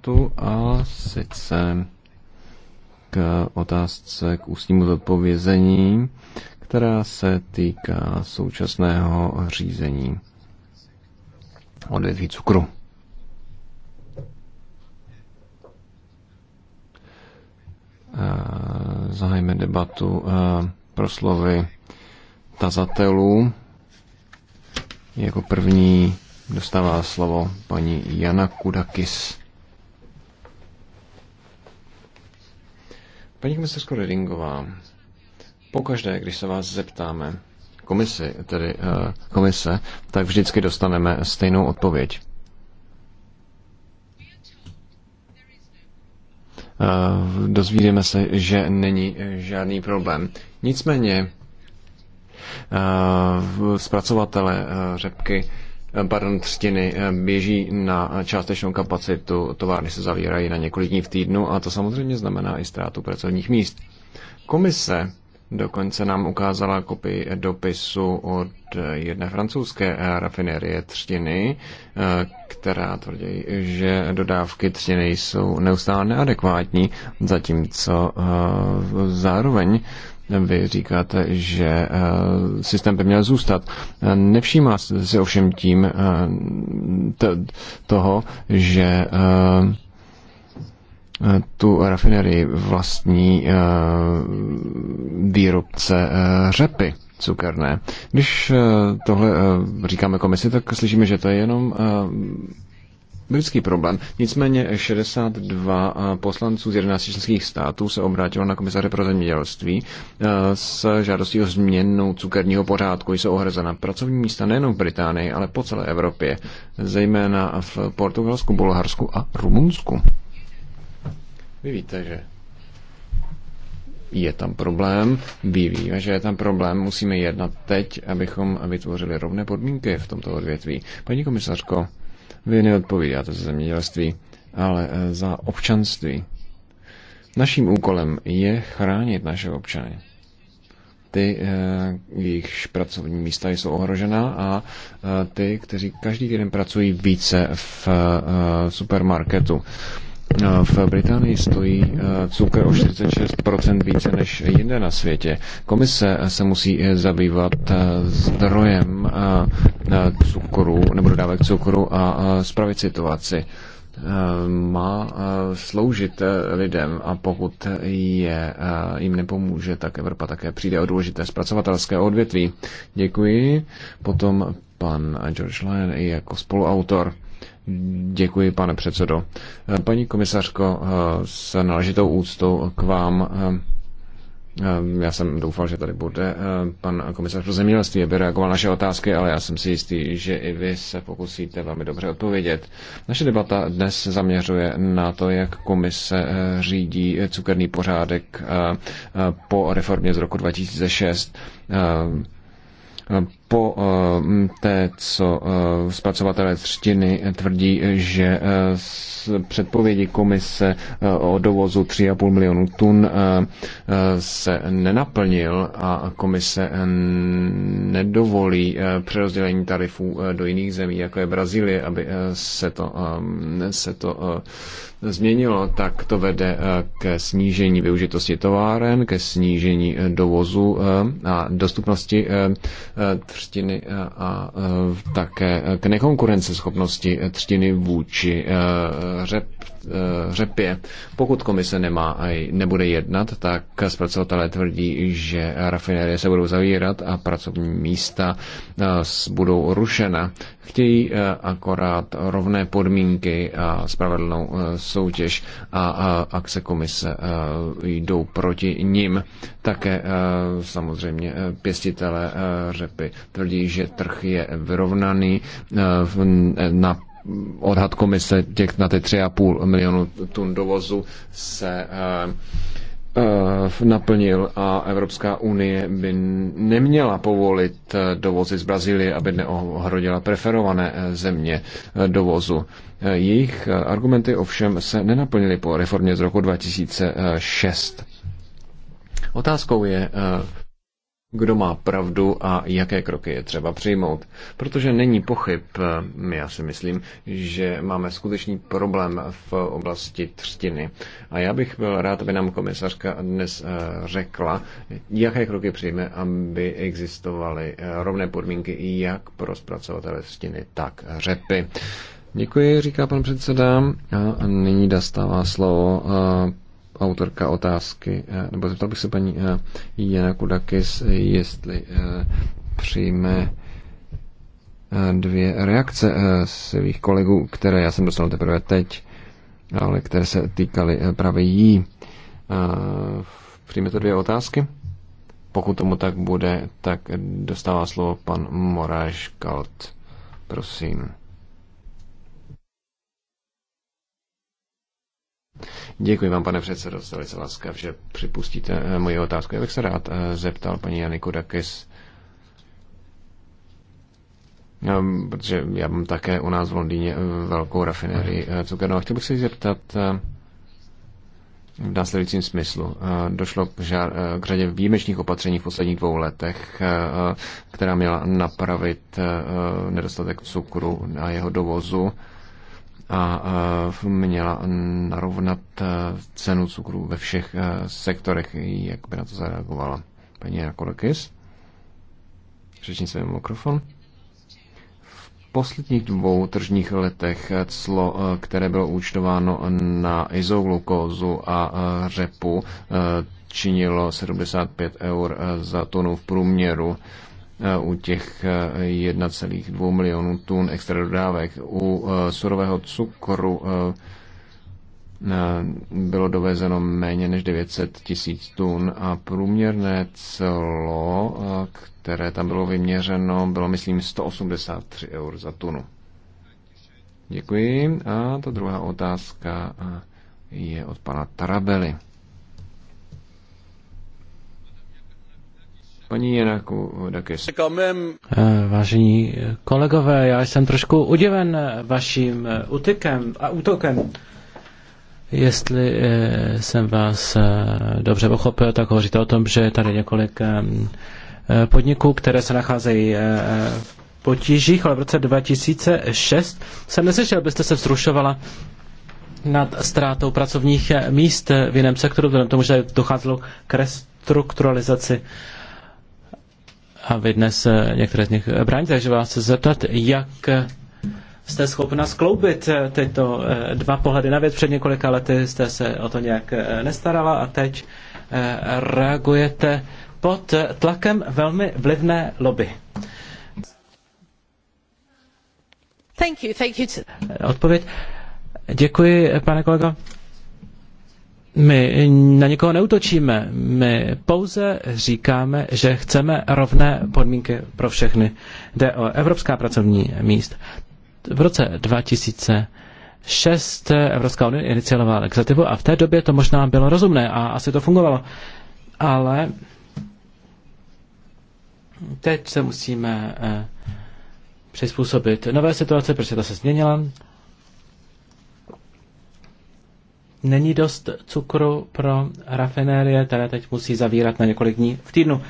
tématu a sice k otázce k ústnímu zodpovězení, která se týká současného řízení odvětví cukru. Zahajme debatu pro slovy tazatelů. Jako první dostává slovo paní Jana Kudakis. Paní komisařko Redingová, pokaždé, když se vás zeptáme, komisi, tedy eh, komise, tak vždycky dostaneme stejnou odpověď. Eh, Dozvíme se, že není žádný problém. Nicméně eh, zpracovatele řepky Eh, pardon, třtiny eh, běží na částečnou kapacitu, továrny se zavírají na několik dní v týdnu a to samozřejmě znamená i ztrátu pracovních míst. Komise dokonce nám ukázala kopii dopisu od jedné francouzské eh, rafinerie třtiny, která tvrdí, že dodávky třtiny jsou neustále neadekvátní, zatímco zároveň vy říkáte, že eh, systém by měl zůstat. Eh, nevšímá se ovšem tím eh, toho, že tu rafinerii vlastní výrobce řepy cukerné. Když tohle říkáme komisi, tak slyšíme, že to je jenom britský problém. Nicméně 62 poslanců z 11 členských států se obrátilo na komisaře pro zemědělství s žádostí o změnu cukerního pořádku. Jsou ohrazena pracovní místa nejen v Británii, ale po celé Evropě, zejména v Portugalsku, Bulharsku a Rumunsku. Vy víte, že je tam problém, my víme, že je tam problém, musíme jednat teď, abychom vytvořili rovné podmínky v tomto odvětví. Paní komisařko, vy neodpovídáte za zemědělství, ale eh, za občanství. Naším úkolem je chránit naše občany. Ty, eh, jejichž pracovní místa jsou ohrožená a eh, ty, kteří každý týden pracují více v supermarketu. Eh, v Británii stojí eh, cukr o 46% více než jinde na světě. Komise eh, se musí zabývat zdrojem cukru nebo dodávek cukru a spravit situaci má sloužit lidem a pokud je, jim nepomůže, tak Evropa také přijde o důležité zpracovatelské odvětví. Děkuji. Potom pan George Lyon i jako spoluautor. Děkuji, pane předsedo. Eh, paní komisařko, eh, s náležitou úctou k vám eh, já jsem doufal, že tady bude pan komisař pro zemědělství, aby reagoval naše otázky, ale já jsem si jistý, že i vy se pokusíte velmi dobře odpovědět. Naše debata dnes zaměřuje na to, jak komise řídí cukerný pořádek po reformě z roku 2006 po eh, té, co eh, zpracovatelé třtiny tvrdí, že z eh, předpovědi komise o dovozu 3,5 milionu tun se nenaplnil a komise nedovolí přerozdělení tarifů do jiných zemí, jako je Brazílie, aby se to, se to změnilo, tak to vede k snížení využitosti továren, ke snížení dovozu a dostupnosti třtiny a e, také k nekonkurenceschopnosti třtiny vůči e, řepce Eh, řepě. Pokud komise nemá a nebude jednat, tak zpracovatelé tvrdí, že rafinérie se budou zavírat a pracovní místa eh, budou rušena. Chtějí eh, akorát rovné podmínky a spravedlnou soutěž a akce komise jdou proti ním. Také samozřejmě pěstitele řepy tvrdí, že trh je vyrovnaný na odhad komise těch na ty 3,5 milionu tun dovozu se eh, eh, naplnil a Evropská unie by neměla povolit eh, dovozy z Brazílie, aby neohrodila preferované země dovozu. Jejich argumenty ovšem se nenaplnily po reformě z roku 2006. Otázkou je, kdo má pravdu a jaké kroky je třeba přijmout. Protože není pochyb, eh, já si myslím, že máme skutečný problém v oblasti třtiny. A já bych byl rád, aby nám komisařka dnes eh, řekla, jaké kroky přijme, aby existovaly eh, rovné podmínky i jak pro zpracovatele třtiny, tak řepy. Děkuji, říká pan předseda. A nyní dostává slovo autorka otázky, eh, nebo zeptal bych se paní eh, Jana Kudakis, jestli eh, přijme dvě reakce svých kolegů, které já jsem dostal teprve teď, ale které se týkaly právě jí. to dvě otázky? Pokud tomu tak bude, tak dostává slovo pan Moráš Kalt. Prosím. Děkuji vám, pane předsedo, jste velice laskav, že připustíte eh, moji otázku. Já bych se rád eh, zeptal paní Janiku Dakis, no, protože já mám také u nás v Londýně eh, velkou rafinérii cukernou. A chtěl bych se zeptat v následujícím smyslu. Došlo k, žár, k řadě výjimečných opatření v posledních dvou letech, která měla napravit nedostatek cukru a jeho dovozu a měla narovnat e, cenu cukru ve všech e, sektorech, jak by na to zareagovala paní Rakodakis. Řečnice je mikrofon. V posledních dvou tržních letech clo, e, které bylo účtováno na izoglukózu a řepu, činilo 75 eur za tonu v průměru Eh, u těch 1,2 eh, milionů tun extra dodávek. U eh, surového cukru bylo dovezeno méně než 900 tisíc tun a průměrné celo, které tam bylo vyměřeno, bylo myslím 183 eur za tunu. Děkuji. A ta druhá otázka je od pana Tarabely. Paní Jenaku eh, Vážení kolegové, já jsem trošku udiven eh, vaším utykem eh, a útokem. Jestli jsem vás dobře pochopil, tak hovoříte o tom, že je tady několik podniků, které se nacházejí v potížích, ale v roce 2006 jsem neslyšel, abyste se vzrušovala nad ztrátou pracovních míst v jiném sektoru, vzhledem tomu, že docházelo k restrukturalizaci a vy dnes eh, některé z nich eh, bráníte, takže vás chci zeptat, jak eh, jste schopna skloubit tyto dva pohledy na věc. Před několika lety jste se o to nějak nestarala a teď reagujete pod tlakem velmi vlivné lobby. Thank you, thank you. Odpověď. Děkuji, pane kolego. My na nikoho neutočíme, my pouze říkáme, že chceme rovné podmínky pro všechny. Jde o evropská pracovní míst. V roce 2006 Evropská unie iniciovala legislativu a v té době to možná bylo rozumné a asi to fungovalo. Ale teď se musíme eh, přizpůsobit nové situace, protože ta se změnila není dost cukru pro rafinérie, které teď musí zavírat na několik dní v týdnu.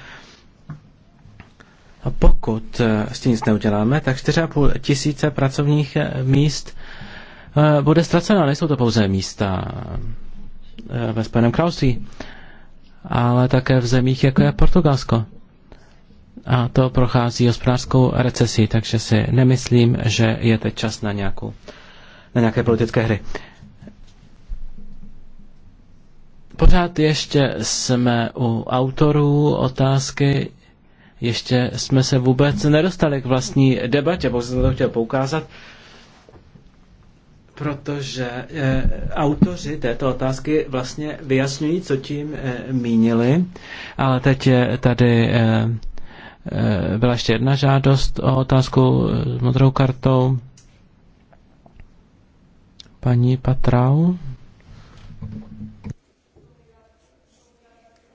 A pokud eh, s tím nic neuděláme, tak 4,5 tisíce pracovních eh, míst eh, bude ztraceno. Nejsou to pouze místa ve Spojeném království, ale také v zemích, jako je Portugalsko. A to prochází hospodářskou recesí, takže si nemyslím, že je teď čas na, nějakou, na nějaké politické hry. Pořád ještě jsme u autorů otázky, ještě jsme se vůbec nedostali k vlastní debatě, bo jsem to chtěl poukázat, protože e, autoři této otázky vlastně vyjasňují, co tím e, mínili, ale teď je tady e, e, byla ještě jedna žádost o otázku s modrou kartou paní Patrau.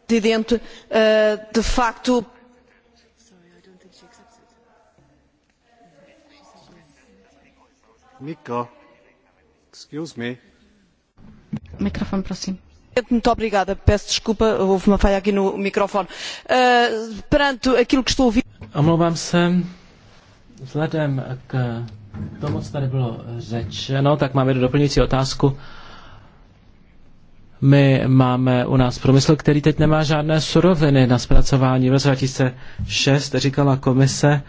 presidente eh, de facto Muito obrigada. Peço desculpa, houve uma falha aqui no microfone. Eh, perante aquilo que estou a ouvir Omlouvám se. Vzhledem k tomu, co tady bylo řečeno, tak máme doplňující otázku. My máme u nás průmysl, který teď nemá žádné suroviny na zpracování. V roce 2006 říkala komise,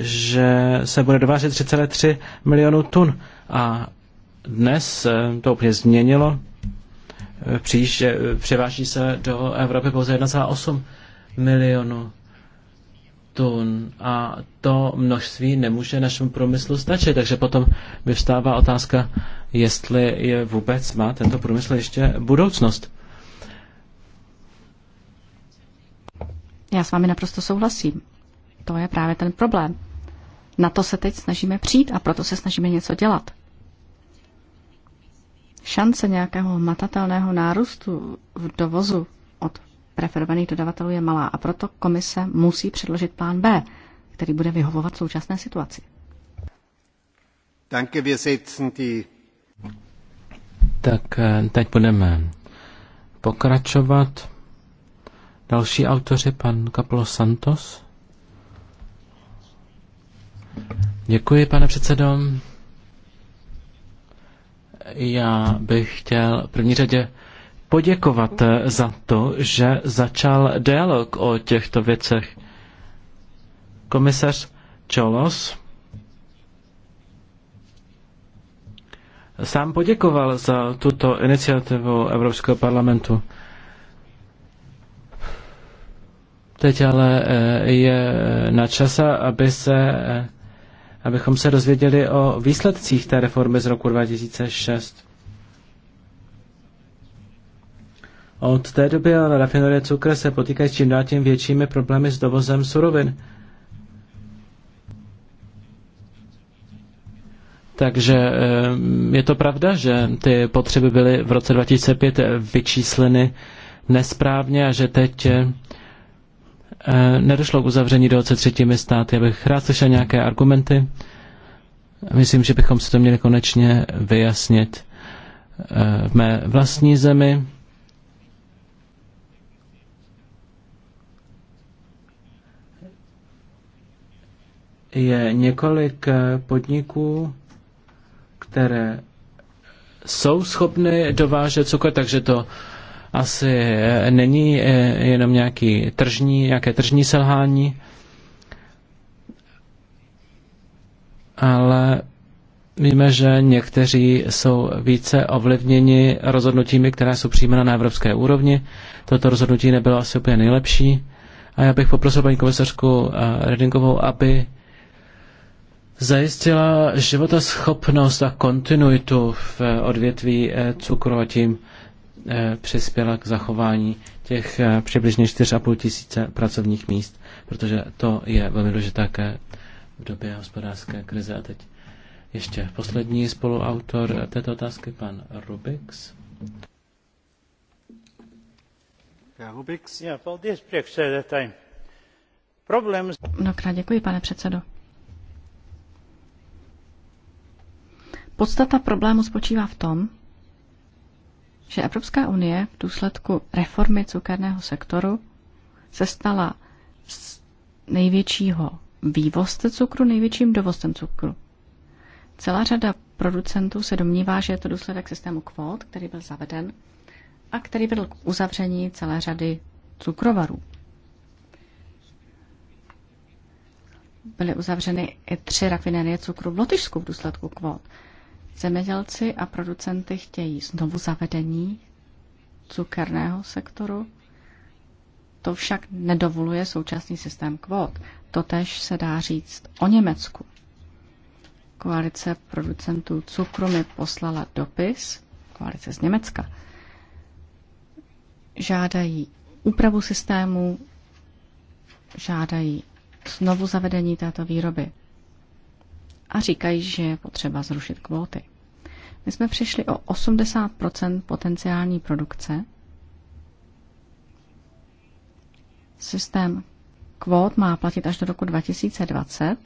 že se bude dovážet 3,3 milionů tun. A dnes eh, to úplně změnilo. Eh, Příště eh, převáží se do Evropy pouze 1,8 milionů tun a to množství nemůže našemu průmyslu stačit. Takže potom vyvstává otázka, jestli je vůbec má tento průmysl ještě budoucnost. Já s vámi naprosto souhlasím. To je právě ten problém. Na to se teď snažíme přijít a proto se snažíme něco dělat. Šance nějakého matatelného nárůstu v dovozu od preferovaných dodavatelů je malá a proto komise musí předložit plán B, který bude vyhovovat současné situaci. Danke, wir setzen die tak eh, teď budeme pokračovat. Další autoři, pan Kaplo Santos. Děkuji, pane předsedo. Já bych chtěl v první řadě poděkovat eh, za to, že začal dialog o těchto věcech. Komisař Čolos sám poděkoval za tuto iniciativu Evropského parlamentu. Teď ale eh, je eh, na čase, aby se, eh, abychom se dozvěděli o výsledcích té reformy z roku 2006. Od té doby ale rafinerie cukr se potýkají s čím dál tím většími problémy s dovozem surovin. Takže eh, je to pravda, že ty potřeby byly v roce 2005 vyčísleny nesprávně a že teď eh, nedošlo k uzavření dohod se třetími státy. Já bych rád slyšel nějaké argumenty. Myslím, že bychom si to měli konečně vyjasnit eh, v mé vlastní zemi. Je několik podniků, které jsou schopny dovážet cukr, takže to asi eh, není eh, jenom nějaký tržní, nějaké tržní selhání, ale víme, že někteří jsou více ovlivněni rozhodnutími, které jsou přijímána na evropské úrovni. Toto rozhodnutí nebylo asi úplně nejlepší. A já bych poprosil paní komisařku eh, Redingovou, aby zajistila životaschopnost a kontinuitu v eh, odvětví eh, cukru a tím eh, přispěla k zachování těch přibližně 4,5 tisíce pracovních míst, protože to je velmi důležité také v době hospodářské krize. A teď ještě poslední spoluautor této otázky, pan Rubix. Rubix. Mnohokrát děkuji, pane předsedo. Podstata problému spočívá v tom, že Evropská unie v důsledku reformy cukerného sektoru se stala z největšího vývozce cukru největším dovozcem cukru. Celá řada producentů se domnívá, že je to důsledek systému kvót, který byl zaveden a který vedl k uzavření celé řady cukrovarů. Byly uzavřeny i tři rafinerie cukru v Lotyšsku v důsledku kvót. Zemědělci a producenty chtějí znovu zavedení cukerného sektoru. To však nedovoluje současný systém kvót. Totež se dá říct o Německu. Koalice producentů cukru mi poslala dopis, koalice z Německa, žádají úpravu systému, žádají znovu zavedení této výroby a říkají, že je potřeba zrušit kvóty. My jsme přišli o 80 potenciální produkce. Systém kvót má platit až do roku 2020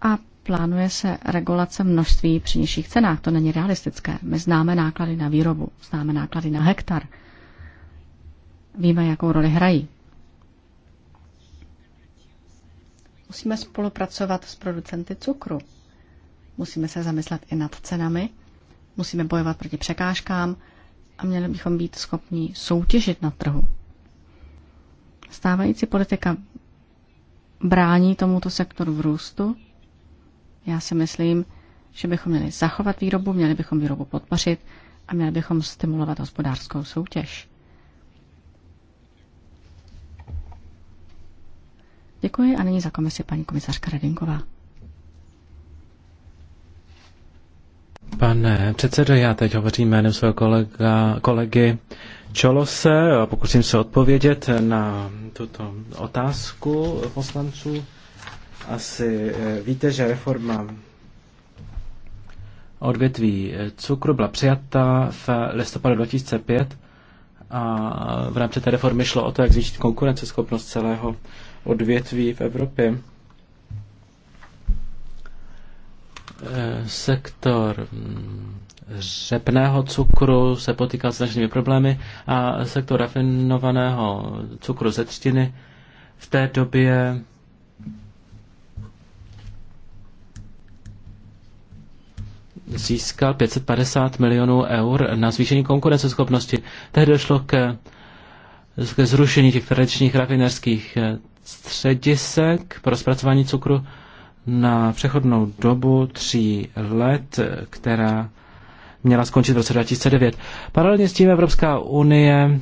a plánuje se regulace množství při nižších cenách. To není realistické. My známe náklady na výrobu, známe náklady na hektar. Víme, jakou roli hrají. Musíme spolupracovat s producenty cukru. Musíme se zamyslet i nad cenami, musíme bojovat proti překážkám a měli bychom být schopni soutěžit na trhu. Stávající politika brání tomuto sektoru v růstu. Já si myslím, že bychom měli zachovat výrobu, měli bychom výrobu podpořit a měli bychom stimulovat hospodářskou soutěž. Děkuji a nyní za komisi paní komisařka Radinková. Pane předsedo, já teď hovořím jménem svého kolega, kolegy Čolose a pokusím se odpovědět na tuto otázku poslanců. Asi eh, víte, že reforma odvětví eh, cukru byla přijata v listopadu 2005 a v rámci té reformy šlo o to, jak zvýšit konkurenceschopnost celého odvětví v Evropě. Eh, sektor mm, řepného cukru se potýká s značnými problémy a sektor rafinovaného cukru ze třtiny v té době získal 550 milionů eur na zvýšení konkurenceschopnosti. Tehdy došlo ke, ke zrušení těch tradičních rafinerských eh, středisek pro zpracování cukru na přechodnou dobu tří let, která měla skončit v roce 2009. Paralelně s tím Evropská unie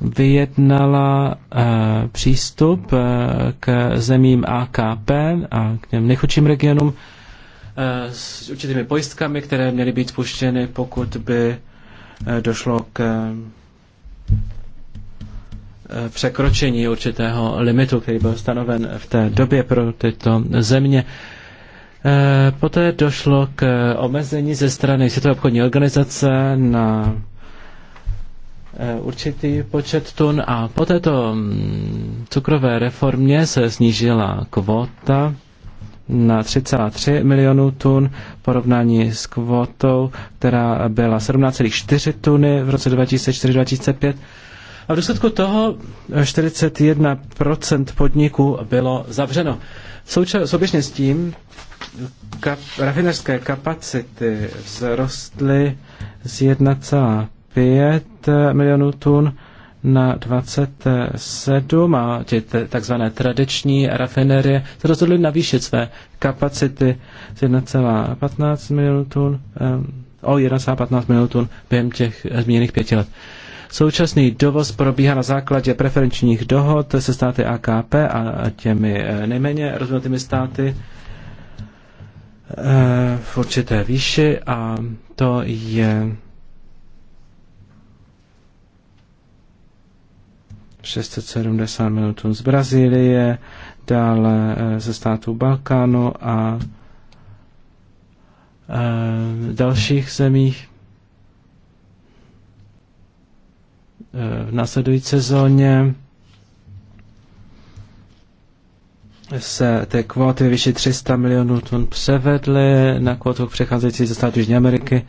vyjednala e, přístup e, k zemím AKP a k těm nejchudším regionům e, s určitými pojistkami, které měly být spuštěny, pokud by e, došlo k Eh, překročení určitého limitu, který byl stanoven v té době pro tyto země. Eh, poté došlo k omezení ze strany Světové obchodní organizace na eh, určitý počet tun a po této mm, cukrové reformě se snížila kvota na 3,3 milionů tun v porovnání s kvotou, která byla 17,4 tuny v roce 2004-2005 a v důsledku toho 41% eh, podniků bylo zavřeno. souběžně s tím kap- rafinerské kapacity vzrostly z 1,5 milionů tun na 27 a ty takzvané tradiční rafinerie se rozhodly navýšit své kapacity z 1,15 milionů tun o 1,15 milionů tun během těch eh, zmíněných pěti let. Současný dovoz probíhá na základě preferenčních dohod se státy AKP a těmi eh, nejméně rozvinutými státy eh, v určité výši a to je 670 milionů z Brazílie, dále eh, ze států Balkánu a dalších zemích. v následující sezóně se ty kvóty vyšší 300 milionů tun převedly na kvótu přecházející ze států Jižní Ameriky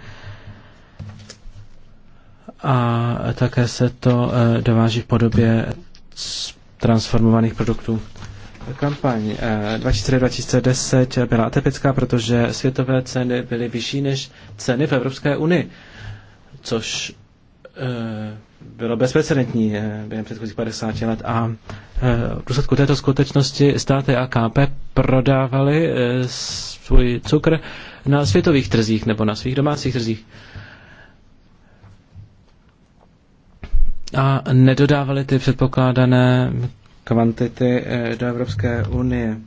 a také se to eh, dováží v podobě transformovaných produktů. Kampaň 2004-2010 eh, byla atypická, protože světové ceny byly vyšší než ceny v Evropské unii, což eh, bylo bezprecedentní eh, během předchozích 50 let a eh, v důsledku této skutečnosti státy AKP prodávali eh, svůj cukr na světových trzích nebo na svých domácích trzích. A nedodávali ty předpokládané kvantity do Evropské unie.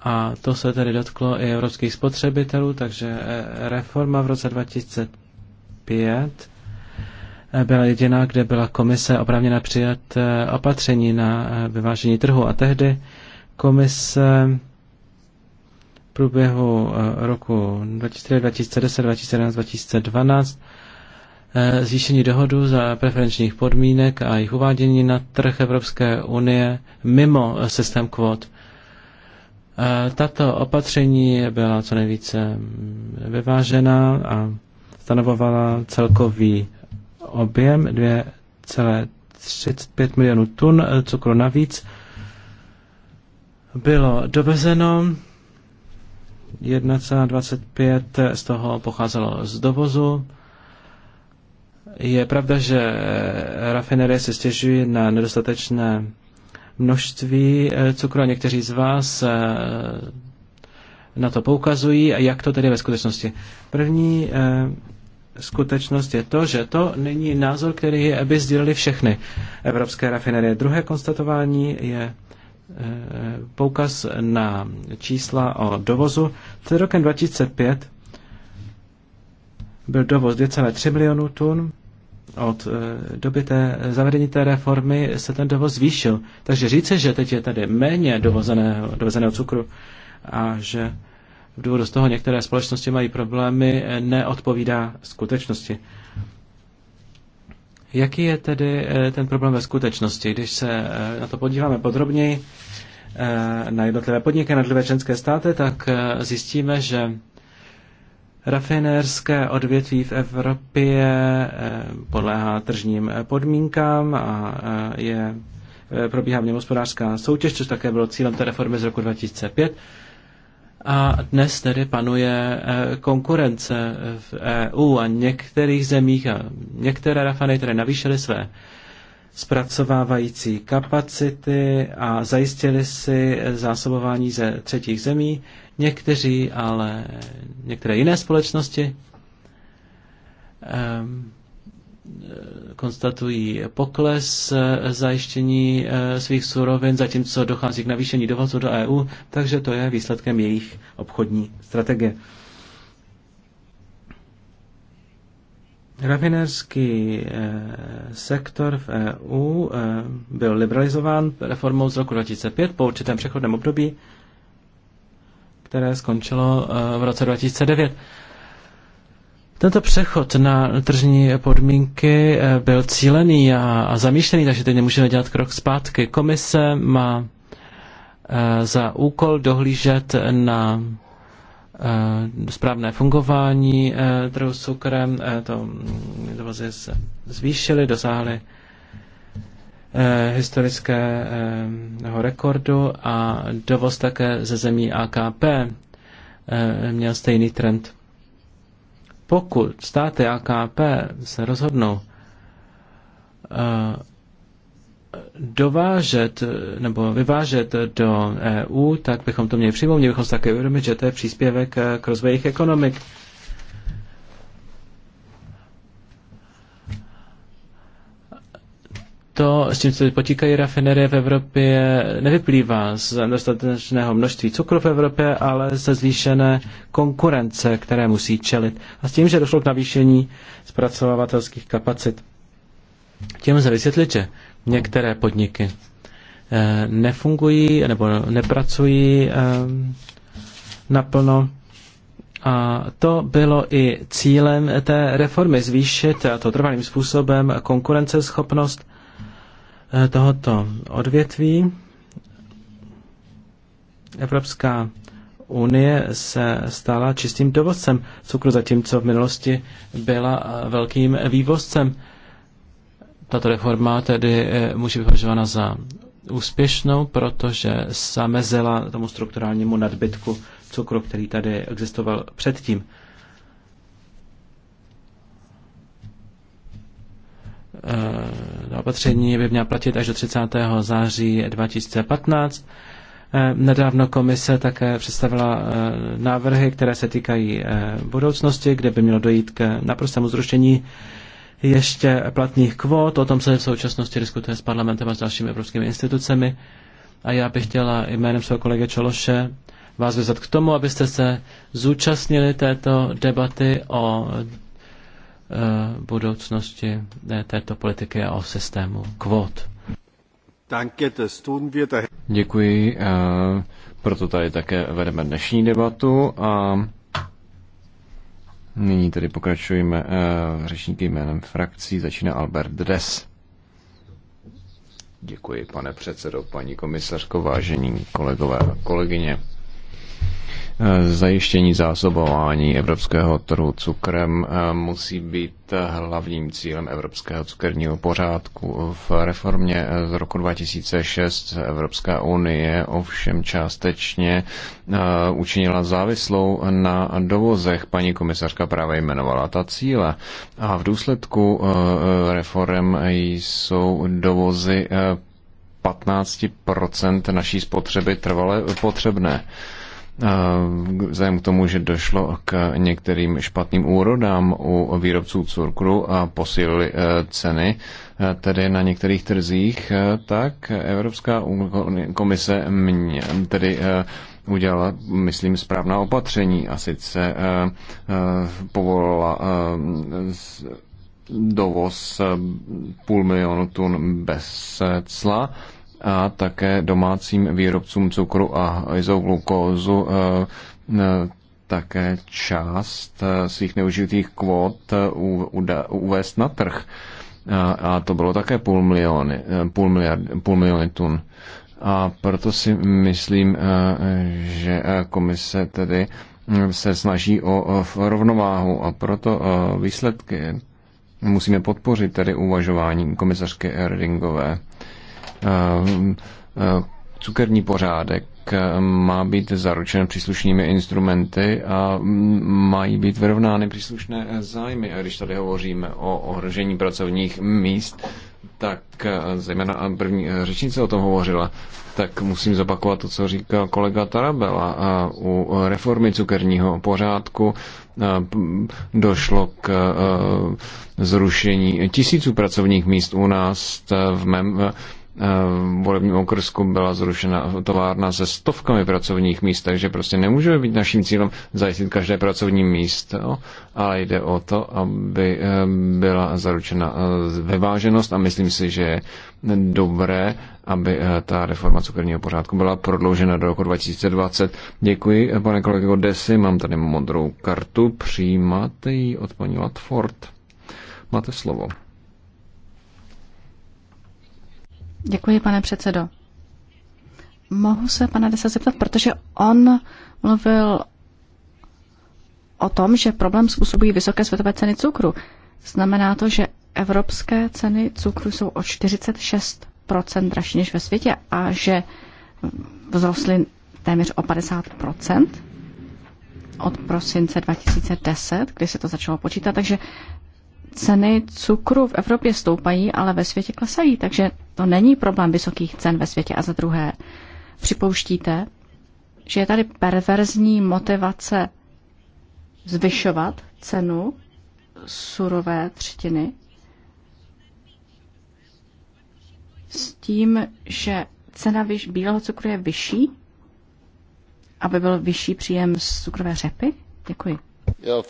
A to se tedy dotklo i evropských spotřebitelů, takže e, reforma v roce 2005 e, byla jediná, kde byla komise opravněna přijat e, opatření na vyvážení trhu. A tehdy komise v průběhu roku 2004, 2010, 2011, 2012 zvýšení dohodu za preferenčních podmínek a jejich uvádění na trh Evropské unie mimo systém kvót tato opatření byla co nejvíce vyvážená a stanovovala celkový objem 2,35 milionů tun cukru navíc. Bylo dovezeno 1,25 z toho pocházelo z dovozu. Je pravda, že rafinerie se stěžují na nedostatečné množství eh, cukru a někteří z vás eh, na to poukazují a jak to tedy ve skutečnosti. První eh, skutečnost je to, že to není názor, který by sdělili všechny evropské rafinerie. Druhé konstatování je poukaz na čísla o dovozu. Před rokem 2005 byl dovoz 2,3 milionů tun, od eh, doby té, eh, zavedení té reformy se ten dovoz zvýšil. Takže říci, že teď je tady méně dovozeného, dovezeného cukru a že v důvodu z toho některé společnosti mají problémy, eh, neodpovídá skutečnosti. Jaký je tedy ten problém ve skutečnosti? Když se na to podíváme podrobněji, na jednotlivé podniky, na jednotlivé členské státy, tak zjistíme, že Rafinérské odvětví v Evropě eh, podléhá tržním podmínkám a eh, je, eh, probíhá v něm hospodářská soutěž, což také bylo cílem té reformy z roku 2005. A dnes tedy panuje konkurence v EU a některých zemích a některé rafany které navýšily své zpracovávající kapacity a zajistili si zásobování ze třetích zemí. Někteří, ale některé jiné společnosti ehm, konstatují pokles eh, zajištění eh, svých surovin, zatímco dochází k navýšení dovozu do EU, takže to je výsledkem jejich obchodní strategie. Rafinerský eh, sektor v EU byl liberalizován reformou z roku 2005 po určitém přechodném období které skončilo eh, v roce 2009. Tento přechod na tržní podmínky eh, byl cílený a, a zamýšlený, takže teď nemůžeme dělat krok zpátky. Komise má eh, za úkol dohlížet na správné fungování trhu s cukrem. To mm, dovozy se zvýšily, dosáhly Eh, historického rekordu a dovoz také ze zemí AKP eh, měl stejný trend. Pokud státy AKP se rozhodnou eh, dovážet nebo vyvážet do EU, tak bychom to měli přijmout. Měli bychom se také uvědomit, že to je příspěvek k rozvoji jejich ekonomik. to, s čím se potíkají rafinerie v Evropě, nevyplývá z dostatečného množství cukru v Evropě, ale ze zvýšené konkurence, které musí čelit. A s tím, že došlo k navýšení zpracovatelských kapacit. Tím se vysvětlit, že některé podniky eh, nefungují nebo nepracují eh, naplno. A to bylo i cílem té reformy zvýšit, a to trvalým způsobem, konkurenceschopnost Eh, tohoto odvětví. Evropská unie se stala čistým dovozcem cukru, zatímco v minulosti byla eh, velkým vývozcem. Tato reforma tedy eh, může být považována za úspěšnou, protože zamezila tomu strukturálnímu nadbytku cukru, který tady existoval předtím. opatření by měla platit až do 30. září 2015. Eh, nedávno komise také představila eh, návrhy, které se týkají eh, budoucnosti, kde by mělo dojít k naprostému zrušení ještě platných kvót. O tom se v současnosti diskutuje s parlamentem a s dalšími evropskými institucemi. A já bych chtěla jménem svého kolegy Čološe vás vyzvat k tomu, abyste se zúčastnili této debaty o Eh, budoucnosti eh, této politiky a o systému kvót. Děkuji, eh, proto tady také vedeme dnešní debatu a nyní tedy pokračujeme řečníky jménem frakcí. Začíná Albert Dres. Děkuji, pane předsedo, paní komisařko, vážení kolegové a kolegyně. Eh, zajištění zásobování evropského trhu cukrem eh, musí být eh, hlavním cílem evropského cukerního pořádku. V reformě z roku 2006 Evropská unie ovšem částečně učinila závislou na dovozech. Paní komisařka právě jmenovala ta cíle. A v důsledku reform jsou dovozy 15% naší spotřeby trvale potřebné. Eh, vzhledem k tomu, že došlo k některým špatným úrodám u výrobců cukru a posílily eh, ceny eh, tedy na některých trzích, tak Evropská komise mě, tedy udělala, myslím, správná opatření a sice povolila dovoz půl milionu tun bez cla a také domácím výrobcům cukru a izoglukózu eh, eh, také část eh, svých neužitých kvót uvést na trh. A to bylo také půl, miliony, půl, miliard, půl miliony tun. A proto si myslím, že komise tedy hm, se snaží o rovnováhu a proto výsledky musíme podpořit tedy uvažování komisařky Erdingové Eh, eh, cukerní pořádek eh, má být zaručen příslušnými instrumenty a mm, mají být vyrovnány příslušné zájmy. A když tady hovoříme o ohrožení pracovních míst, tak zejména první řečnice o tom hovořila, tak musím zopakovat to, co říkal kolega Tarabela. U reformy cukerního pořádku došlo k zrušení tisíců pracovních míst u nás v mém Eh, volebním okrsku byla zrušena továrna se stovkami pracovních míst, takže prostě nemůžeme být naším cílem zajistit každé pracovní místo, ale jde o to, aby eh, byla zaručena eh, vyváženost a myslím si, že je dobré, aby ta reforma cukerního pořádku byla prodloužena do roku 2020. Děkuji, pane kolego Desi, mám tady modrou kartu, přijímáte ji od paní Latford. Máte slovo. Děkuji, pane předsedo. Mohu se pana Desa zeptat, protože on mluvil o tom, že problém způsobují vysoké světové ceny cukru. Znamená to, že evropské ceny cukru jsou o 46 dražší než ve světě a že vzrostly téměř o 50 od prosince 2010, kdy se to začalo počítat. Takže ceny cukru v Evropě stoupají, ale ve světě klesají, takže to není problém vysokých cen ve světě. A za druhé, připouštíte, že je tady perverzní motivace zvyšovat cenu surové třetiny s tím, že cena vyš- bílého cukru je vyšší, aby byl vyšší příjem z cukrové řepy? Děkuji. Ja,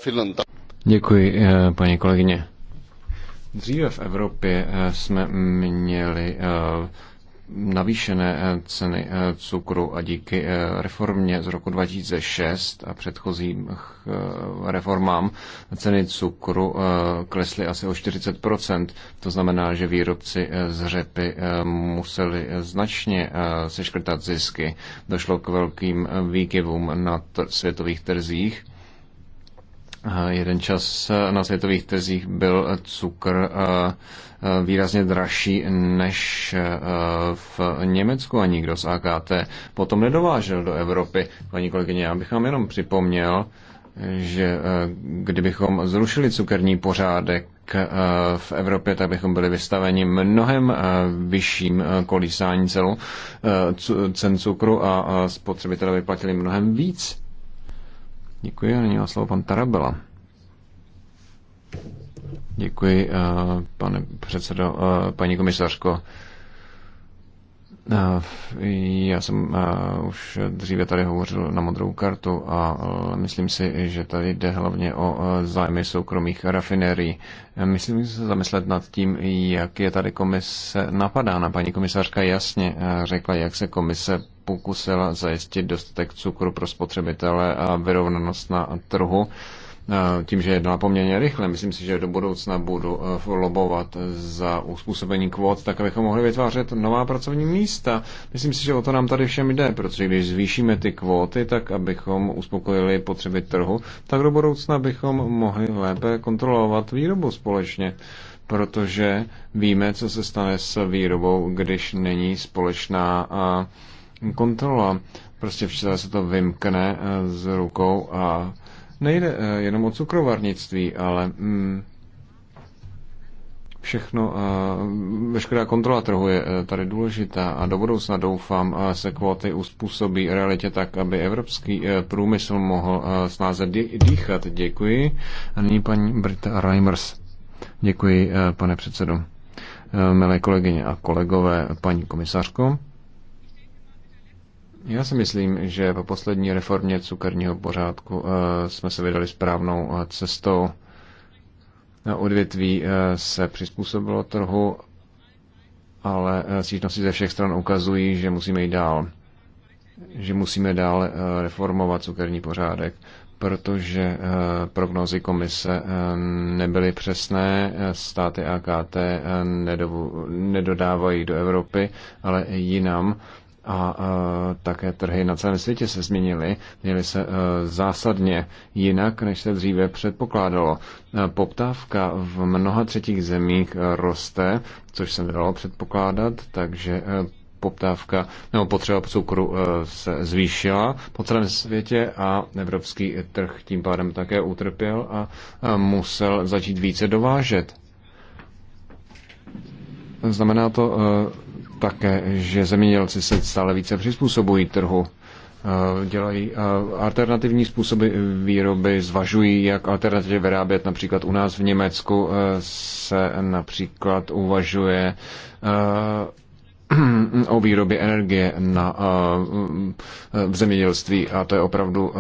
Děkuji, eh, paní kolegyně. Dříve v Evropě eh, jsme měli eh, navýšené ceny cukru a díky reformě z roku 2006 a předchozím reformám ceny cukru klesly asi o 40%. To znamená, že výrobci z řepy museli značně seškrtat zisky. Došlo k velkým výkyvům na světových trzích Jeden čas na světových trzích byl cukr výrazně dražší než v Německu a nikdo z AKT potom nedovážel do Evropy. Paní kolegyně, já bych vám jenom připomněl, že kdybychom zrušili cukerní pořádek v Evropě, tak bychom byli vystaveni mnohem vyšším kolísání celu, cen cukru a spotřebitelé by platili mnohem víc Děkuji a nyní má slovo pan Tarabela. Děkuji, eh, pane předsedo, eh, paní komisařko. Eh, já jsem už dříve tady hovořil na modrou kartu a myslím si, že tady jde hlavně o zájmy soukromých rafinérií. Myslím si zamyslet nad tím, jak je tady komise napadána. Paní komisařka jasně řekla, jak se komise pokusil zajistit dostatek cukru pro spotřebitele a vyrovnanost na trhu eh, tím, že jednala poměrně rychle. Myslím si, že do budoucna budu eh, lobovat za uspůsobení kvót, tak abychom mohli vytvářet nová pracovní místa. Myslím si, že o to nám tady všem jde, protože když zvýšíme ty kvóty, tak abychom uspokojili potřeby trhu, tak do budoucna bychom mohli lépe kontrolovat výrobu společně protože víme, co se stane s výrobou, když není společná a eh, kontrola. Prostě včera se to vymkne eh, z rukou a nejde eh, jenom o cukrovarnictví, ale mm, všechno, eh, veškerá kontrola trhu je tady důležitá a do budoucna doufám se kvóty uspůsobí realitě tak, aby evropský průmysl mohl snáze dýchat. Děkuji. A nyní paní Brita Reimers. Děkuji, pane předsedo. Milé kolegyně a kolegové, paní komisařko. Já si myslím, že po poslední reformě cukerního pořádku eh, jsme se vydali správnou eh, cestou. na Odvětví eh, se přizpůsobilo trhu, ale stížnosti ze všech stran ukazují, že musíme jít dál. Že musíme dál reformovat cukerní pořádek, protože prognózy komise nebyly přesné. Státy AKT nedodávají do Evropy, ale jinam a e, také trhy na celém světě se změnily, měly se e, zásadně jinak, než se dříve předpokládalo. E, poptávka v mnoha třetích zemích roste, což se nedalo předpokládat, takže poptávka nebo potřeba cukru se zvýšila po celém světě a evropský trh tím pádem také utrpěl a musel začít více dovážet. Znamená to také, že zemědělci se stále více přizpůsobují trhu eh, dělají eh, alternativní způsoby výroby, zvažují, jak alternativně vyrábět. Například u nás v Německu eh, se například uvažuje o výrobě energie na, eh, v zemědělství a to je opravdu eh,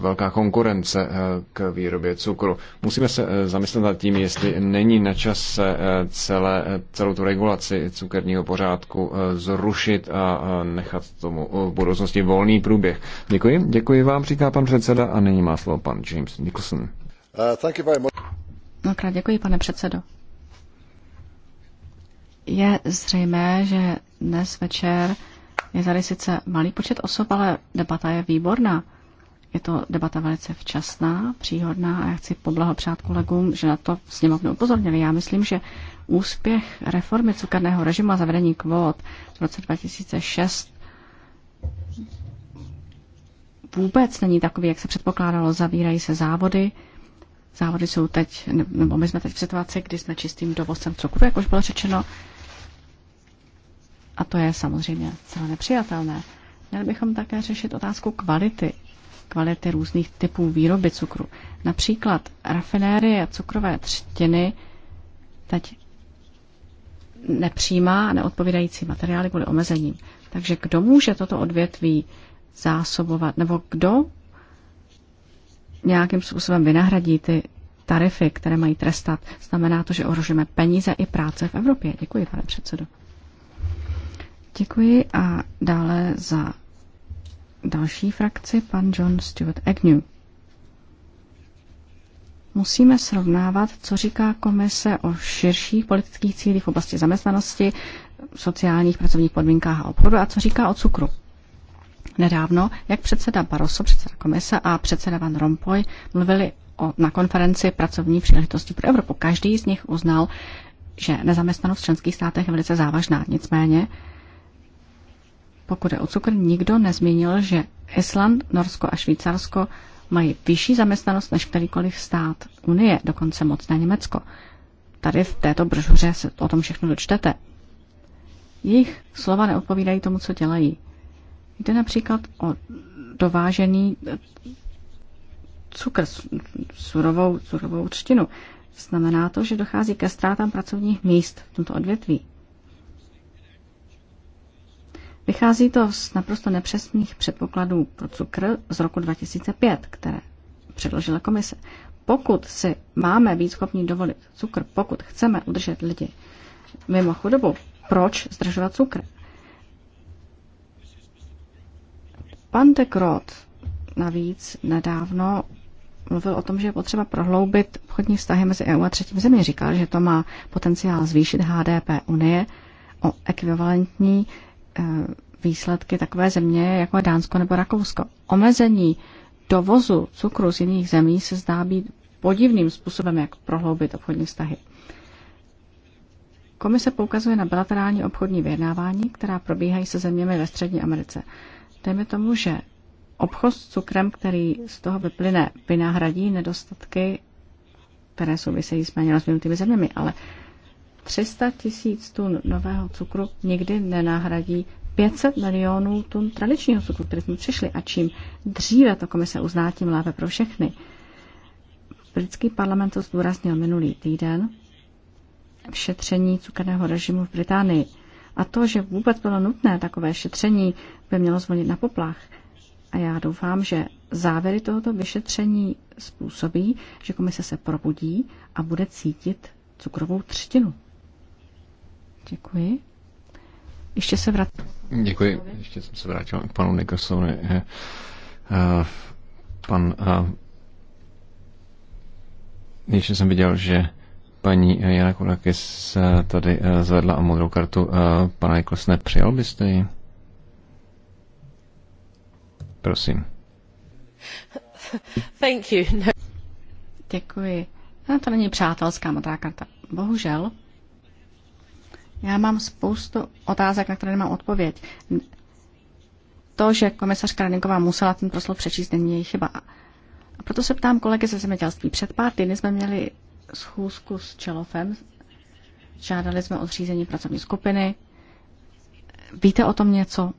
velká konkurence eh, k výrobě cukru. Musíme se zamyslet nad tím, jestli není na čase celé, celou tu regulaci cukerního pořádku zrušit a nechat tomu v budoucnosti volný průběh. Děkuji, děkuji vám, říká pan předseda a nyní má slovo pan James Nicholson. Uh, Mnohokrát děkuji, pane předsedo. Je zřejmé, že dnes večer je tady sice malý počet osob, ale debata je výborná. Je to debata velice včasná, příhodná a já chci poblahopřát kolegům, že na to sněmovnu upozornili. Já myslím, že úspěch reformy cukerného režimu a zavedení kvót v roce 2006 vůbec není takový, jak se předpokládalo. Zavírají se závody. Závody jsou teď, nebo my jsme teď v situaci, kdy jsme čistým dovozcem cukru, jak už bylo řečeno. A to je samozřejmě celé nepřijatelné. Měli bychom také řešit otázku kvality, kvality různých typů výroby cukru. Například rafinérie cukrové třtiny teď nepřímá a neodpovídající materiály kvůli omezením. Takže kdo může toto odvětví zásobovat, nebo kdo nějakým způsobem vynahradí ty tarify, které mají trestat, znamená to, že ohrožujeme peníze i práce v Evropě. Děkuji, pane předsedo. Děkuji a dále za další frakci pan John Stuart Agnew. Musíme srovnávat, co říká komise o širších politických cílích v oblasti zaměstnanosti, sociálních pracovních podmínkách a obchodu a co říká o cukru. Nedávno, jak předseda Barroso, předseda komise a předseda Van Rompuy mluvili o, na konferenci pracovní příležitosti pro Evropu. Každý z nich uznal, že nezaměstnanost v členských státech je velice závažná. Nicméně pokud je o cukr, nikdo nezmínil, že Island, Norsko a Švýcarsko mají vyšší zaměstnanost než kterýkoliv stát Unie, dokonce moc na Německo. Tady v této brožuře se o tom všechno dočtete. Jejich slova neodpovídají tomu, co dělají. Jde například o dovážený eh, cukr, surovou, surovou třtinu. Znamená to, že dochází ke ztrátám pracovních míst v tomto odvětví. Vychází to z naprosto nepřesných předpokladů pro cukr z roku 2005, které předložila komise. Pokud si máme být schopni dovolit cukr, pokud chceme udržet lidi mimo chudobu, proč zdržovat cukr? Pan de Krot navíc nedávno mluvil o tom, že je potřeba prohloubit obchodní vztahy mezi EU a třetím zemí. Říkal, že to má potenciál zvýšit HDP Unie o ekvivalentní Eh, výsledky takové země, jako je Dánsko nebo Rakousko. Omezení dovozu cukru z jiných zemí se zdá být podivným způsobem, jak prohloubit obchodní vztahy. Komise poukazuje na bilaterální obchodní vyjednávání, která probíhají se zeměmi ve Střední Americe. Dejme tomu, že obchod s cukrem, který z toho vyplyne, vynahradí nedostatky, které souvisejí s méně rozvinutými zeměmi, ale 300 tisíc tun nového cukru nikdy nenahradí 500 milionů tun tradičního cukru, který jsme přišli. A čím dříve to komise uzná, tím lépe pro všechny. Britský parlament to zdůraznil minulý týden v šetření cukerného režimu v Británii. A to, že vůbec bylo nutné takové šetření, by mělo zvonit na poplach. A já doufám, že závěry tohoto vyšetření způsobí, že komise se probudí a bude cítit cukrovou třtinu. Děkuji. Ještě se vrátím. Děkuji. Ještě jsem se vrátil k panu Nicholsonovi. Eh, eh, pan eh, ještě jsem viděl, že paní Jana Kudakis tady zvedla a modrou kartu. Pana Niklesne, přijal byste ji? Prosím. Thank you. No. Děkuji. No, to není přátelská modrá karta. Bohužel, já mám spoustu otázek, na které nemám odpověď. To, že komisařka Reninková musela ten proslov přečíst, není její chyba. A proto se ptám kolegy ze zemědělství. Před pár týdny jsme měli schůzku s Čelofem, žádali jsme o zřízení pracovní skupiny. Víte o tom něco?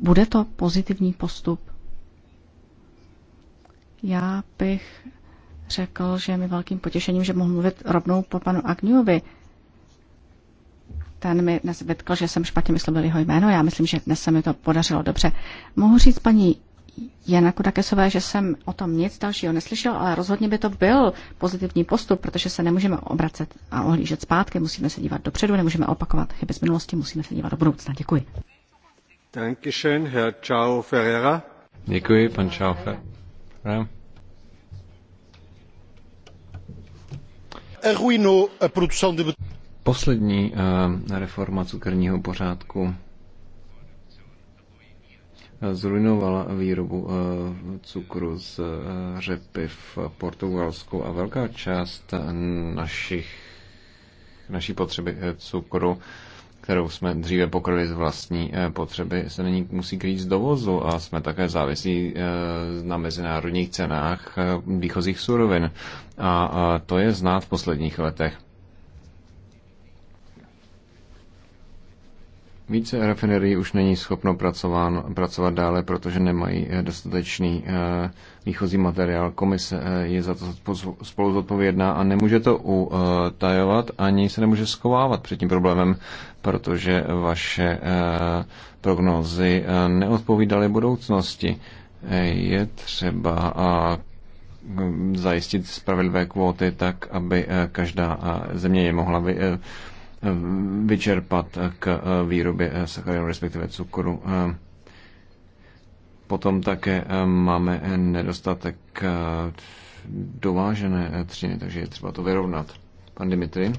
Bude to pozitivní postup? Já bych řekl, že mi velkým potěšením, že mohu mluvit rovnou po panu Agniovi ten mi dnes vytkl, že jsem špatně vyslovil jeho jméno. Já myslím, že dnes se mi to podařilo dobře. Mohu říct paní Jana Kudakesové, že jsem o tom nic dalšího neslyšel, ale rozhodně by to byl pozitivní postup, protože se nemůžeme obracet a ohlížet zpátky, musíme se dívat dopředu, nemůžeme opakovat chyby z minulosti, musíme se dívat do budoucna. Děkuji. Dankeschön, Herr Ciao Ferreira. Děkuji, pan Ciao Ferreira. Arruinou a produção de poslední eh, reforma cukerního pořádku eh, zrujnovala výrobu eh, cukru z řepy v Portugalsku a velká část našich, naší potřeby cukru, kterou jsme dříve pokryli z vlastní potřeby, se nyní musí krýt z dovozu a jsme také závislí na mezinárodních cenách výchozích surovin. A to je znát v posledních letech. Více rafinerií už není schopno pracován, pracovat dále, protože nemají eh, dostatečný eh, výchozí materiál. Komise eh, je za to spolu zodpovědná a nemůže to utajovat, ani se nemůže schovávat před tím problémem, protože vaše prognózy neodpovídaly budoucnosti. Je třeba mm, zajistit spravedlivé kvóty tak, aby každá země je mohla vy, vyčerpat k eh, výrobě eh, sacharidu, respektive cukru. Eh, potom také máme nedostatek dovážené třiny, takže je třeba to vyrovnat. Pan Dimitri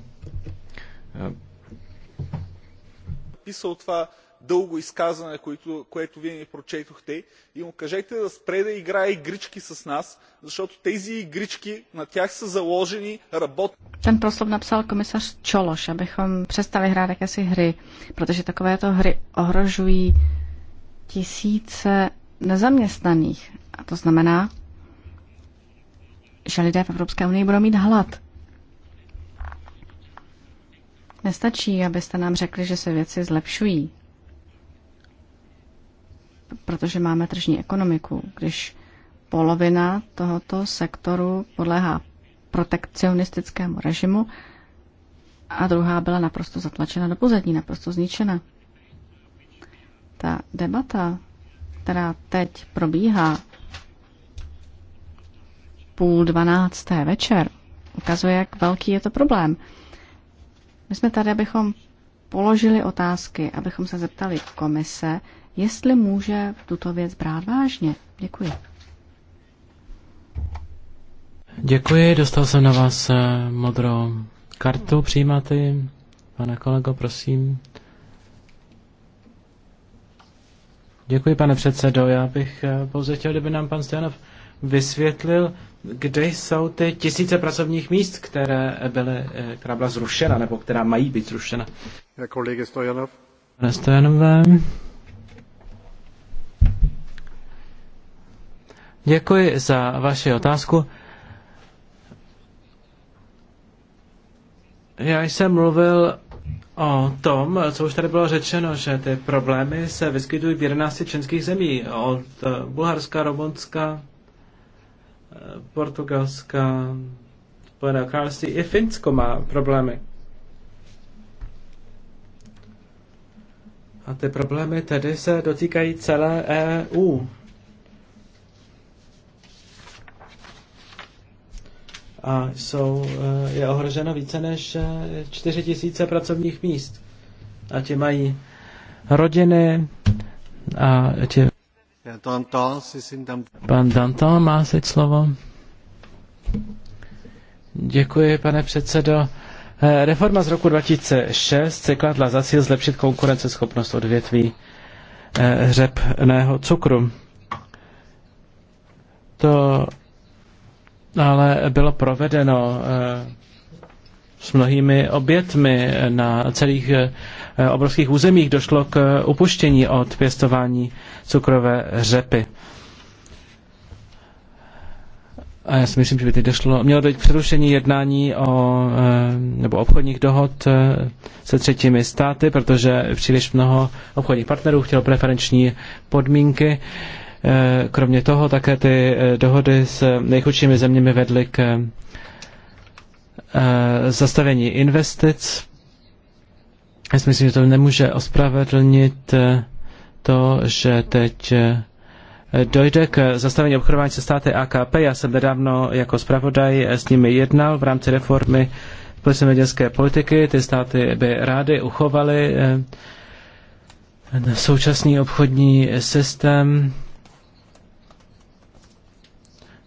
дълго изказване, което, което вие ни прочетохте и му кажете да спре да играе игрички с нас, защото тези игрички, на тях са заложени работни. Ten proslov napsal komisař Čološ, abychom přestali hrát jakési hry, protože takovéto hry ohrožují tisíce nezaměstnaných. A to znamená, že lidé v Evropské unii budou mít hlad. Nestačí, abyste nám řekli, že se věci zlepšují protože máme tržní ekonomiku. Když polovina tohoto sektoru podléhá protekcionistickému režimu a druhá byla naprosto zatlačena do pozadí, naprosto zničena. Ta debata, která teď probíhá půl dvanácté večer, ukazuje, jak velký je to problém. My jsme tady, abychom položili otázky, abychom se zeptali komise, jestli může tuto věc brát vážně. Děkuji. Děkuji, dostal jsem na vás eh, modrou kartu. Přijímáte ji, pane kolego, prosím. Děkuji, pane předsedo. Já bych eh, pouze chtěl, kdyby nám pan Stojanov vysvětlil, kde jsou ty tisíce pracovních míst, které byly, eh, která byla zrušena, nebo která mají být zrušena. Pane Stojanové. Děkuji za vaši otázku. Já jsem mluvil o tom, co už tady bylo řečeno, že ty problémy se vyskytují v 11 členských zemí. Od eh, Bulharska, Rumunska, eh, Portugalska, Spojeného království i Finsko má problémy. A ty problémy tedy se dotýkají celé EU. a jsou, eh, je ohroženo více než 4 eh, tisíce pracovních míst. A ti mají rodiny a ti... Pan Danton má teď slovo. Děkuji, pane předsedo. Eh, reforma z roku 2006 se kladla za cíl zlepšit konkurenceschopnost odvětví řepného cukru. To ale bylo provedeno eh, s mnohými obětmi na celých eh, obrovských územích došlo k upuštění od pěstování cukrové řepy. A já si myslím, že by teď došlo, mělo dojít přerušení jednání o, eh, nebo obchodních dohod se třetími státy, protože příliš mnoho obchodních partnerů chtělo preferenční podmínky. Eh, kromě toho také ty eh, dohody s nejchudšími zeměmi vedly k eh, zastavení investic. Já si myslím, že to nemůže ospravedlnit to, že teď dojde k zastavení obchodování se státy AKP. Já jsem nedávno jako zpravodaj s nimi jednal v rámci reformy společné politiky. Ty státy by rády uchovaly současný obchodní systém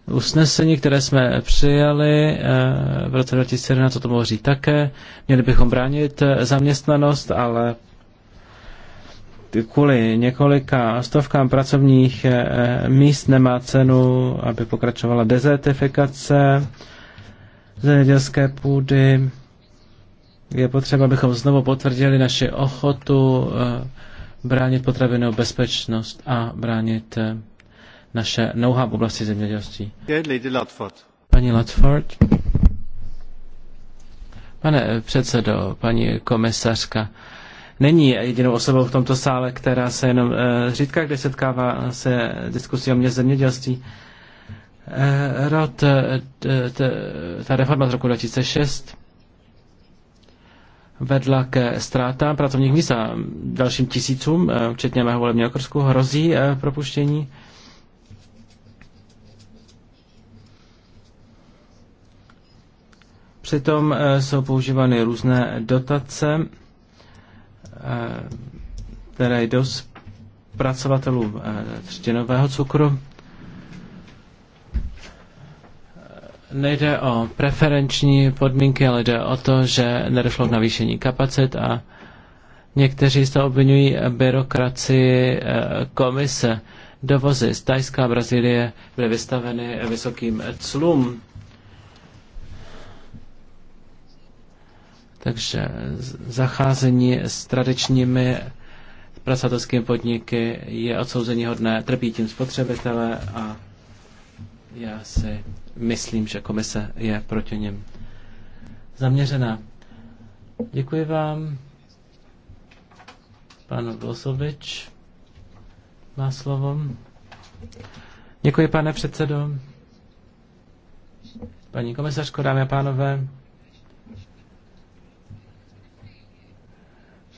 usnesení, které jsme přijali eh, v roce 2017, to tom říct také. Měli bychom bránit eh, zaměstnanost, ale kvůli několika stovkám pracovních eh, míst nemá cenu, aby pokračovala dezertifikace zemědělské půdy. Je potřeba, abychom znovu potvrdili naši ochotu bránit potravinou bezpečnost a bránit naše know-how v oblasti zemědělství. Paní Latford. Pane eh, předsedo, paní komisařka, není jedinou osobou v tomto sále, která se jenom eh, řídka kde setkává se diskusí o mě zemědělství. Eh, Rod, ta reforma z roku 2006 vedla ke ztrátám pracovních míst a dalším tisícům, včetně mého volebního okrsku, hrozí propuštění Přitom eh, jsou používány různé dotace, eh, které jdou z pracovatelů eh, třtinového cukru. Nejde o preferenční podmínky, ale jde o to, že nedošlo k navýšení kapacit a někteří se obvinují byrokracii komise. Dovozy z Tajska a Brazílie byly vystaveny vysokým clům Takže zacházení s tradičními prasatelskými podniky je odsouzení hodné, trpí tím spotřebitele a já si myslím, že komise je proti něm zaměřena. Děkuji vám. Pan Vlosovič má slovo. Děkuji, pane předsedo. Paní komisařko, dámy a pánové.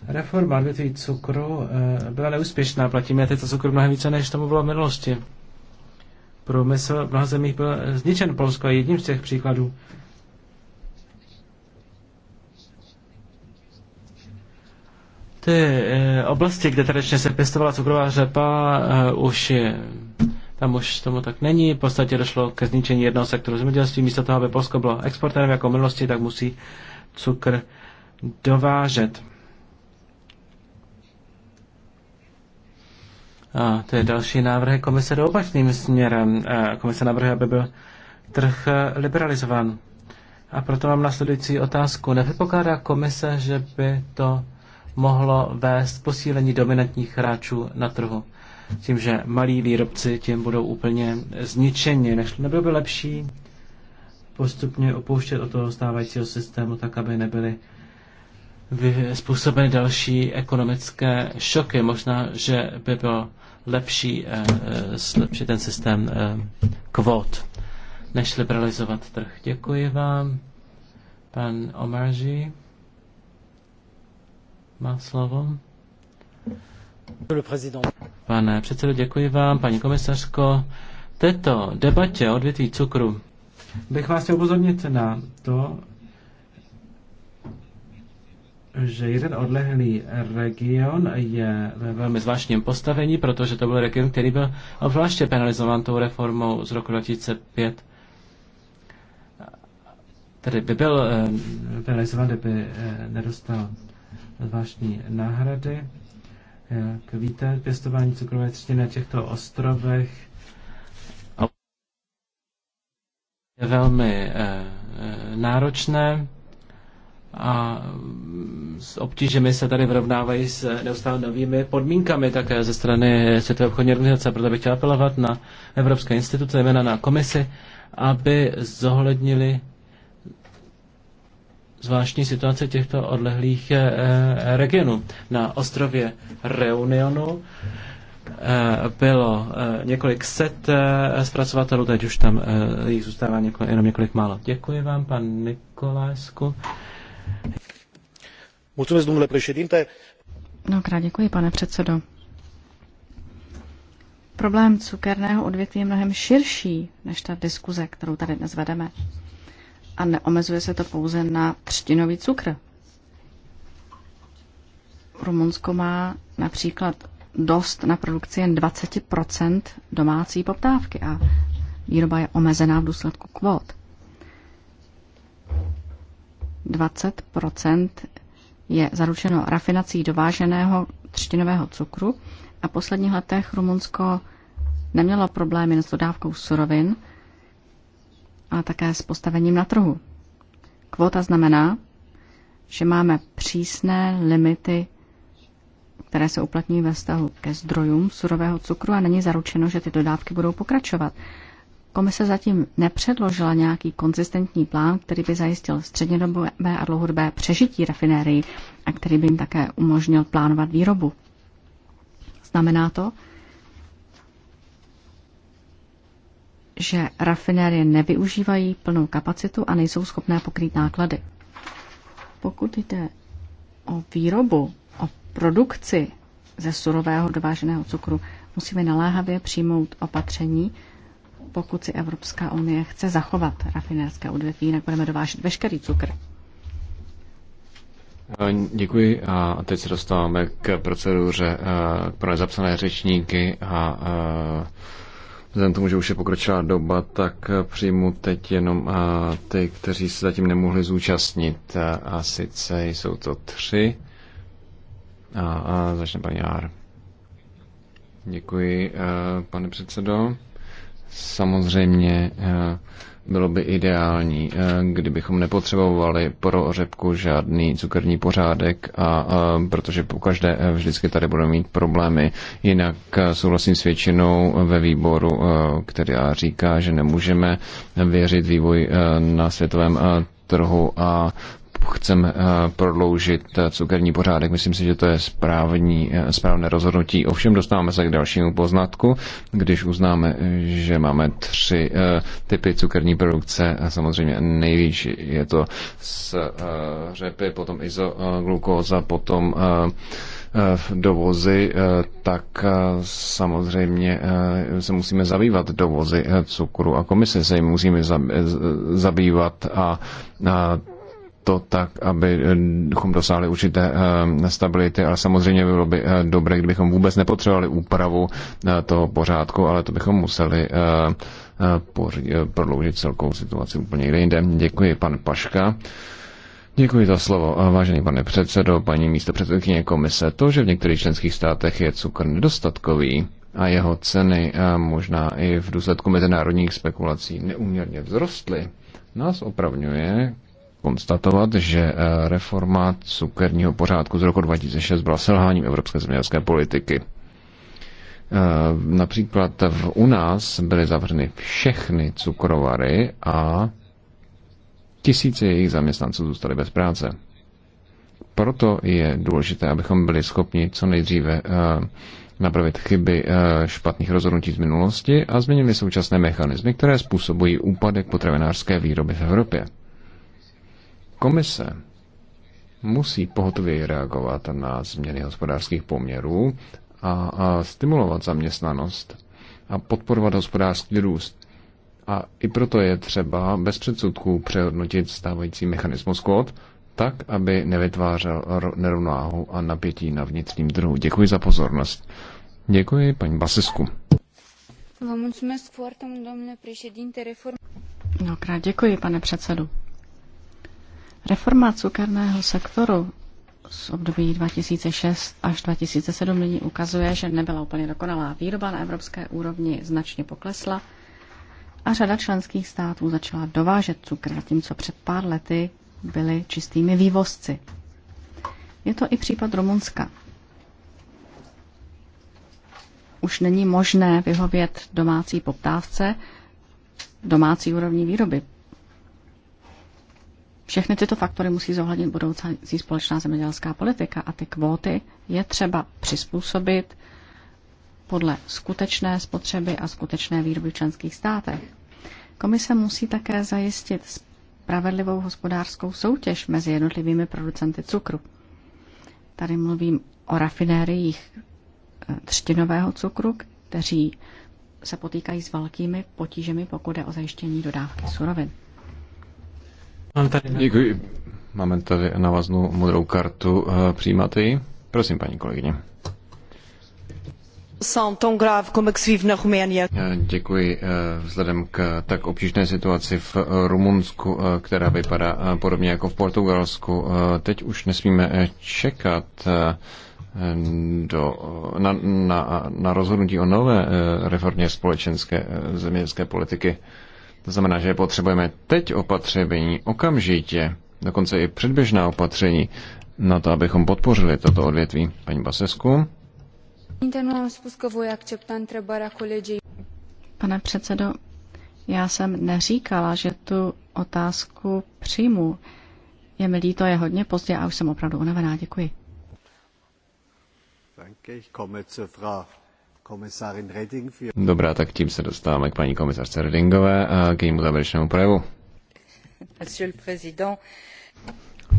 Reforma odvětví cukru eh, byla neúspěšná, platíme teď to cukru mnohem více, než tomu bylo v minulosti. Průmysl v mnoha zemích byl eh, zničen Polsko je jedním z těch příkladů. Ty eh, oblasti, kde tradičně se pěstovala cukrová řepa, už je, tam už tomu tak není. V podstatě došlo ke zničení jednoho sektoru zemědělství. Místo toho, aby Polsko bylo exportérem jako v minulosti, tak musí cukr dovážet. A je další návrh komise do opačným směrem. Komise navrhuje, aby byl trh eh, liberalizován. A proto mám následující otázku. Nevypokládá komise, že by to mohlo vést posílení dominantních hráčů na trhu? Tím, že malí výrobci tím budou úplně zničeni. Nebylo by lepší postupně opouštět od toho stávajícího systému, tak aby nebyly způsobeny další ekonomické šoky. Možná, že by bylo lepší, eh, eh, lepší ten systém eh, kvót, než liberalizovat trh. Děkuji vám. Pan Omarži má slovo. Pane předsedo, děkuji vám. Paní komisařko, této debatě o odvětví cukru bych vás chtěl upozornit na to, že jeden odlehlý region je ve velmi zvláštním postavení, protože to byl region, který byl obzvláště penalizován tou reformou z roku 2005. Tedy by byl eh, penalizován, kdyby eh, nedostal zvláštní náhrady. Jak víte, pěstování cukrové třtiny na těchto ostrovech je velmi eh, náročné a s obtížemi se tady vyrovnávají s neustále novými podmínkami také ze strany Světové obchodní organizace. Proto bych chtěl apelovat na Evropské instituce, zejména na komisi, aby zohlednili zvláštní situace těchto odlehlých eh, eh, regionů. Na ostrově Reunionu eh, bylo několik set zpracovatelů, teď už tam jich zůstává jenom několik málo. Děkuji vám, pan Nikolásku. Mulțumesc, președinte. Mnohokrát děkuji, pane předsedo. Problém cukerného odvětví je mnohem širší než ta diskuze, kterou tady dnes vedeme. A neomezuje se to pouze na třtinový cukr. Rumunsko má například dost na produkci jen 20 domácí poptávky a výroba je omezená v důsledku kvót. 20 je zaručeno rafinací dováženého třtinového cukru a v posledních letech Rumunsko nemělo problémy s dodávkou surovin a také s postavením na trhu. Kvota znamená, že máme přísné limity, které se uplatňují ve vztahu ke zdrojům surového cukru a není zaručeno, že ty dodávky budou pokračovat. Komise zatím nepředložila nějaký konzistentní plán, který by zajistil střednědobé a dlouhodobé přežití rafinérií a který by jim také umožnil plánovat výrobu. Znamená to, že rafinérie nevyužívají plnou kapacitu a nejsou schopné pokrýt náklady. Pokud jde o výrobu, o produkci ze surového dováženého cukru, musíme naléhavě přijmout opatření, pokud si Evropská unie chce zachovat rafinerské odvětví, jinak budeme dovážet veškerý cukr. Eh, děkuji a teď se dostáváme k proceduře eh, pro nezapsané řečníky a eh, vzhledem tomu, že už je pokročila doba, tak přijmu teď jenom ty, kteří se zatím nemohli zúčastnit a sice jsou to tři a začne paní Jár. Děkuji, pane předsedo. Samozřejmě eh, bylo by ideální, eh, kdybychom nepotřebovali pro řepku žádný cukerní pořádek, a, a eh, protože po každé vždycky tady budeme mít problémy. Jinak souhlasím s většinou ve výboru, který říká, že nemůžeme věřit vývoj na světovém trhu a chceme eh, prodloužit eh, cukerní pořádek. Myslím si, že to je správní, eh, správné rozhodnutí. Ovšem dostáváme se k dalšímu poznatku, když uznáme, že máme tři typy cukerní produkce a samozřejmě nejvíc je to z řepy, potom izoglukóza, potom dovozy, tak samozřejmě se musíme zabývat dovozy cukru a komise se jim musíme zabývat a to tak, abychom dosáhli určité eh, stability, ale samozřejmě bylo by eh, dobré, kdybychom vůbec nepotřebovali úpravu eh, toho pořádku, ale to bychom museli prodloužit celkovou situaci úplně někde jinde. Děkuji, pan Paška. Děkuji za slovo. Vážený pane předsedo, paní místo předsedkyně komise, to, že v některých členských státech je cukr nedostatkový a jeho ceny a možná i v důsledku mezinárodních spekulací neuměrně vzrostly, nás opravňuje konstatovat, že eh, reforma cukerního pořádku z roku 2006 byla selháním evropské zemědělské politiky. Eh, například v, u nás byly zavřeny všechny cukrovary a tisíce jejich zaměstnanců zůstaly bez práce. Proto je důležité, abychom byli schopni co nejdříve eh, napravit chyby špatných rozhodnutí z minulosti a změnili současné mechanismy, které způsobují úpadek potravinářské výroby v Evropě. Komise musí pohotově reagovat na změny hospodářských poměrů a, a stimulovat zaměstnanost a podporovat hospodářský růst. A i proto je třeba bez předsudků přehodnotit stávající mechanismus kvót, tak, aby nevytvářel nerovnáhu a napětí na vnitřním trhu. Děkuji za pozornost. Děkuji, paní Basisku. Vám mulțumesc foarte mult, domnule președinte, reform... krát. děkuji, pane předsedu. Reforma cukerného sektoru z období 2006 až 2007 nyní ukazuje, že nebyla úplně dokonalá. Výroba na evropské úrovni značně poklesla a řada členských států začala dovážet cukr, co před pár lety byly čistými vývozci. Je to i případ Rumunska. Už není možné vyhovět domácí poptávce, domácí úrovni výroby. Všechny tyto faktory musí zohlednit budoucí společná zemědělská politika a ty kvóty je třeba přizpůsobit podle skutečné spotřeby a skutečné výroby v členských státech. Komise musí také zajistit spravedlivou hospodářskou soutěž mezi jednotlivými producenty cukru. Tady mluvím o rafinériích eh, třtinového cukru, kteří se potýkají s velkými potížemi, pokud je o zajištění dodávky surovin. Mám tady... Děkuji. Máme tady navaznou modrou kartu. Eh, přijímáte ji? Prosím, paní kolegyně. Eh, děkuji. Eh, vzhledem k tak obtížné situaci v Rumunsku, která vypadá podobně jako v Portugalsku, teď už nesmíme čekat do, na, na, na rozhodnutí o nové reformě společenské zemědělské politiky. To znamená, že potřebujeme teď opatření, okamžitě, dokonce i předběžná opatření, na to, abychom podpořili toto odvětví. Paní Basesku. Pane předsedo, já jsem neříkala, že tu otázku přijmu. Je mi líto, je hodně pozdě a už jsem opravdu unavená. Děkuji. Danke, ich komme zur Frau Dobrá, tak tím se dostáváme k paní komisařce Redingové a k jejímu závěrečnému projevu.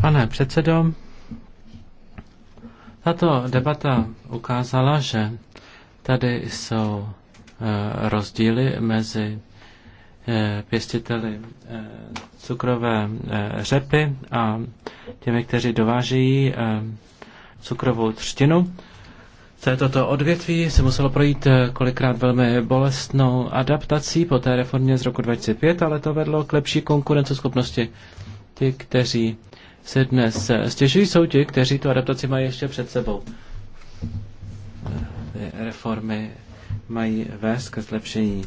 Pane předsedo, tato debata ukázala, že tady jsou eh, rozdíly mezi eh, pěstiteli eh, cukrové řepy a těmi, kteří dovážejí cukrovou třtinu je toto odvětví se muselo projít eh, kolikrát velmi bolestnou adaptací po té reformě z roku 2005, ale to vedlo k lepší konkurenceschopnosti. Ti, kteří se dnes eh, stěžují, jsou ti, kteří tu adaptaci mají ještě před sebou. Eh, reformy mají vést ke zlepšení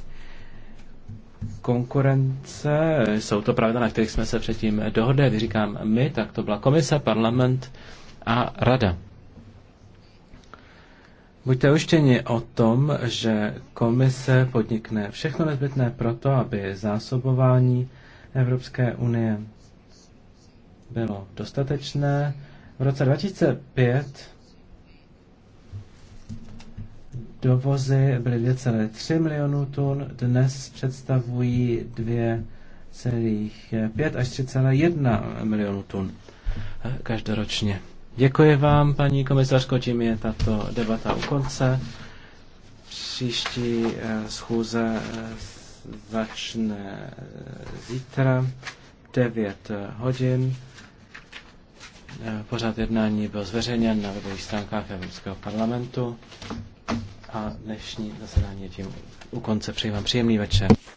konkurence. Jsou to pravda, na kterých jsme se předtím dohodli. Když říkám my, tak to byla komise, parlament a rada. Buďte uštěni o tom, že komise podnikne všechno nezbytné proto, aby zásobování Evropské unie bylo dostatečné. V roce 2005 dovozy byly 2,3 milionů tun, dnes představují 2,5 až 3,1 milionů tun každoročně. Děkuji vám, paní komisařko, tím je tato debata u konce. Příští eh, schůze eh, začne eh, zítra 9 hodin. Pořád jednání byl zveřejněn na webových stránkách Evropského parlamentu a dnešní zasedání je tím u konce. Přeji vám příjemný večer.